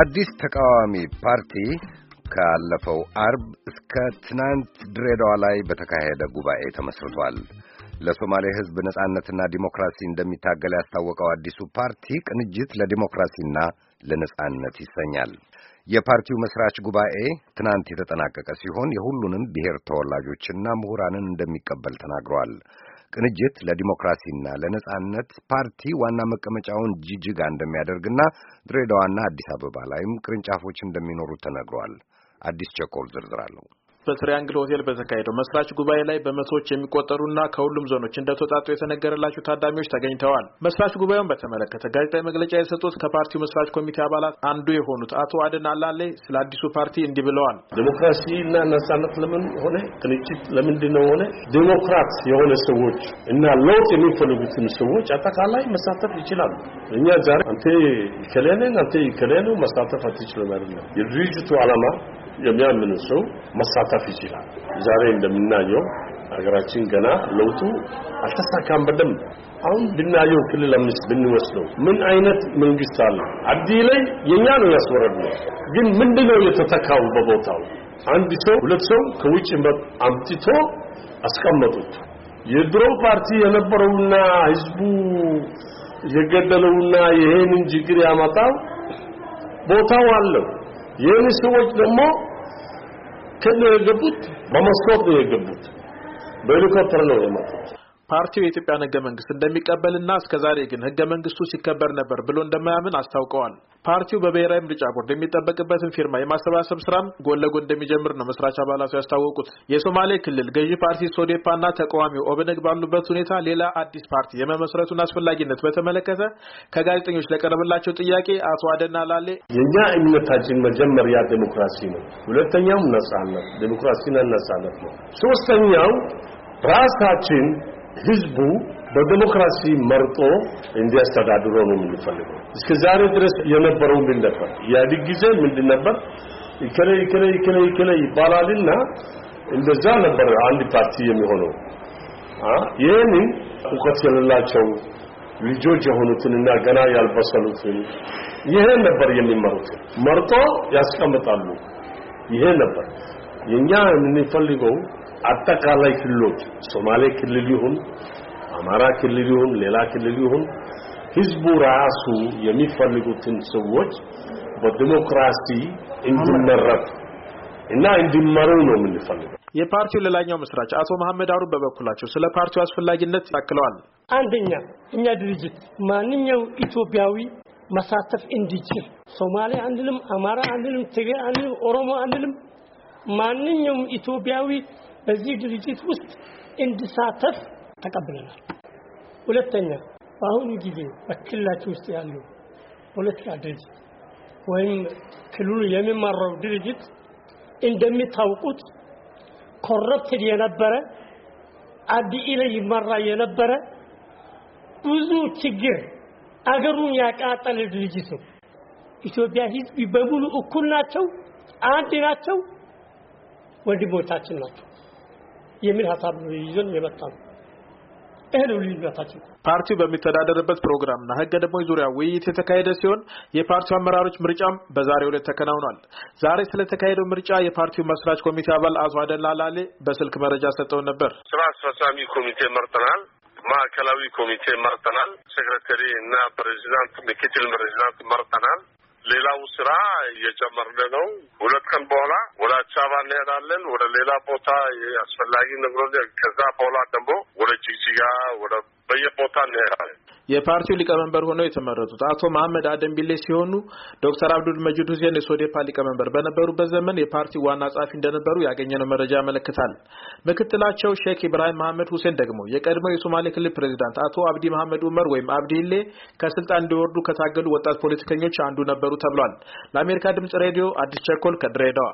አዲስ ተቃዋሚ ፓርቲ ካለፈው አርብ እስከ ትናንት ድሬዳዋ ላይ በተካሄደ ጉባኤ ተመስርቷል። ለሶማሌ ሕዝብ ነጻነትና ዲሞክራሲ እንደሚታገል ያስታወቀው አዲሱ ፓርቲ ቅንጅት ለዲሞክራሲና ለነጻነት ይሰኛል። የፓርቲው መስራች ጉባኤ ትናንት የተጠናቀቀ ሲሆን የሁሉንም ብሔር ተወላጆችና ምሁራንን እንደሚቀበል ተናግሯል። ቅንጅት ለዲሞክራሲና ለነጻነት ፓርቲ ዋና መቀመጫውን ጅጅጋ እንደሚያደርግና ድሬዳዋና አዲስ አበባ ላይም ቅርንጫፎች እንደሚኖሩ ተነግሯል። አዲስ ቸኮል ዝርዝር አለው። በትሪያንግል ሆቴል በተካሄደው መስራች ጉባኤ ላይ በመቶዎች የሚቆጠሩና ከሁሉም ዞኖች እንደተውጣጡ የተነገረላቸው ታዳሚዎች ተገኝተዋል። መስራች ጉባኤውን በተመለከተ ጋዜጣዊ መግለጫ የሰጡት ከፓርቲው መስራች ኮሚቴ አባላት አንዱ የሆኑት አቶ አድን አላሌ ስለ አዲሱ ፓርቲ እንዲህ ብለዋል። እና ነጻነት ለምን ሆነ? ክንጭት ለምንድን ነው ሆነ? ዲሞክራት የሆነ ሰዎች እና ለውጥ የሚፈልጉትን ሰዎች አጠቃላይ መሳተፍ ይችላሉ። እኛ ዛሬ አንተ ይከለንን አንተ ይከለኑ መሳተፍ አትችልም አይደለም የድርጅቱ ዓላማ የሚያምን ሰው መሳተፍ ይችላል። ዛሬ እንደምናየው ሀገራችን ገና ለውጡ አልተሳካም። በደንብ አሁን ብናየው ክልል አምስት ብንወስደው ምን አይነት መንግስት አለ? አዲ ላይ የኛ ነው ያስወረድነው፣ ግን ምንድነው የተተካው? በቦታው አንድ ሰው ሁለት ሰው ከውጭ አምጥቶ አስቀመጡት። የድሮ ፓርቲ የነበረውና ህዝቡ የገደለውና ይሄንን ችግር ያመጣው ቦታው አለው። ይህን ሰዎች ደግሞ Kendi öldü but, mamaskop öldü but. Böyle kontrol olamadı. ፓርቲው የኢትዮጵያን ህገ መንግስት እንደሚቀበልና እስከዛሬ ግን ህገ መንግስቱ ሲከበር ነበር ብሎ እንደማያምን አስታውቀዋል። ፓርቲው በብሔራዊ ምርጫ ቦርድ የሚጠበቅበትን ፊርማ የማሰባሰብ ስራም ጎን ለጎን እንደሚጀምር ነው መስራች አባላቱ ያስታወቁት። የሶማሌ ክልል ገዢ ፓርቲ ሶዴፓና ተቃዋሚው ኦብነግ ባሉበት ሁኔታ ሌላ አዲስ ፓርቲ የመመስረቱን አስፈላጊነት በተመለከተ ከጋዜጠኞች ለቀረበላቸው ጥያቄ አቶ አደና ላሌ የእኛ እምነታችን መጀመሪያ ዴሞክራሲ ነው፣ ሁለተኛው ነጻነት ዴሞክራሲና ነጻነት ነው፣ ሶስተኛው ራሳችን ህዝቡ በዲሞክራሲ መርጦ እንዲያስተዳድሮ ነው የምንፈልገው። እስከ ዛሬ ድረስ የነበረው ምን ነበር? ኢህአዴግ ጊዜ ምንድን ነበር? ይከለ ይከለ ይከለ ይከለ ይባላልና እንደዛ ነበር አንድ ፓርቲ የሚሆነው። ይህንን እውቀት የሌላቸው ልጆች የሆኑትንና ገና ያልበሰሉትን ይሄ ነበር የሚመሩት፣ መርጦ ያስቀምጣሉ። ይሄ ነበር የኛ የምንፈልገው። አጠቃላይ ክልሎች ሶማሌ ክልል ይሁን አማራ ክልል ይሁን ሌላ ክልል ይሁን ህዝቡ ራሱ የሚፈልጉትን ሰዎች በዲሞክራሲ እንዲመረጥ እና እንዲመሩ ነው የምንፈልገው። የፓርቲው ሌላኛው መስራች አቶ መሐመድ አሩ በበኩላቸው ስለ ፓርቲው አስፈላጊነት አክለዋል። አንደኛ እኛ ድርጅት ማንኛው ኢትዮጵያዊ መሳተፍ እንዲችል ሶማሌ አንልም፣ አማራ አንልም፣ ትግሬ አንልም፣ ኦሮሞ አንልም፣ ማንኛውም ኢትዮጵያዊ በዚህ ድርጅት ውስጥ እንድሳተፍ ተቀብለናል። ሁለተኛ በአሁኑ ጊዜ በክልላችን ውስጥ ያለው ፖለቲካ ድርጅት ወይም ክልሉ የሚመራው ድርጅት እንደሚታውቁት ኮረፕትድ የነበረ አብይ ላይ ይመራ የነበረ ብዙ ችግር አገሩን ያቃጠለ ድርጅት ነው። ኢትዮጵያ ሕዝብ በሙሉ እኩል ናቸው፣ አንድ ናቸው፣ ወንድሞቻችን ናቸው። የሚል ሀሳብ ይዘን የመጣ ነው። ፓርቲው በሚተዳደርበት ፕሮግራምና ህገ ደግሞ ዙሪያ ውይይት የተካሄደ ሲሆን የፓርቲው አመራሮች ምርጫም በዛሬው ዕለት ተከናውኗል። ዛሬ ስለተካሄደው ምርጫ የፓርቲው መስራች ኮሚቴ አባል አቶ አደላ ላሌ በስልክ መረጃ ሰጠውን ነበር። ስራ አስፈጻሚ ኮሚቴ መርጠናል። ማዕከላዊ ኮሚቴ መርጠናል። ሴክሬታሪ እና ፕሬዚዳንት ምክትል ፕሬዚዳንት መርጠናል። ሌላው ስራ እየጨመርን ነው። ሁለት ቀን በኋላ ወደ አዲስ አበባ እንሄዳለን። ወደ ሌላ ቦታ አስፈላጊ ንግሮ ከዛ በኋላ ደግሞ ወደ ጅግጅጋ ወደ በየቦታ እንሄዳለን። የፓርቲው ሊቀመንበር ሆነው የተመረጡት አቶ መሐመድ አደንቢሌ ሲሆኑ ዶክተር አብዱል መጂድ ሁሴን የሶዴፓ ሊቀመንበር በነበሩበት ዘመን የፓርቲው ዋና ጸሐፊ እንደነበሩ ያገኘነው መረጃ ያመለክታል። ምክትላቸው ሼክ ኢብራሂም መሐመድ ሁሴን ደግሞ የቀድሞው የሶማሌ ክልል ፕሬዚዳንት አቶ አብዲ መሐመድ ኡመር ወይም አብዲሌ ከስልጣን እንዲወርዱ ከታገሉ ወጣት ፖለቲከኞች አንዱ ነበሩ ተብሏል። ለአሜሪካ ድምጽ ሬዲዮ አዲስ ቸኮል ከድሬዳዋ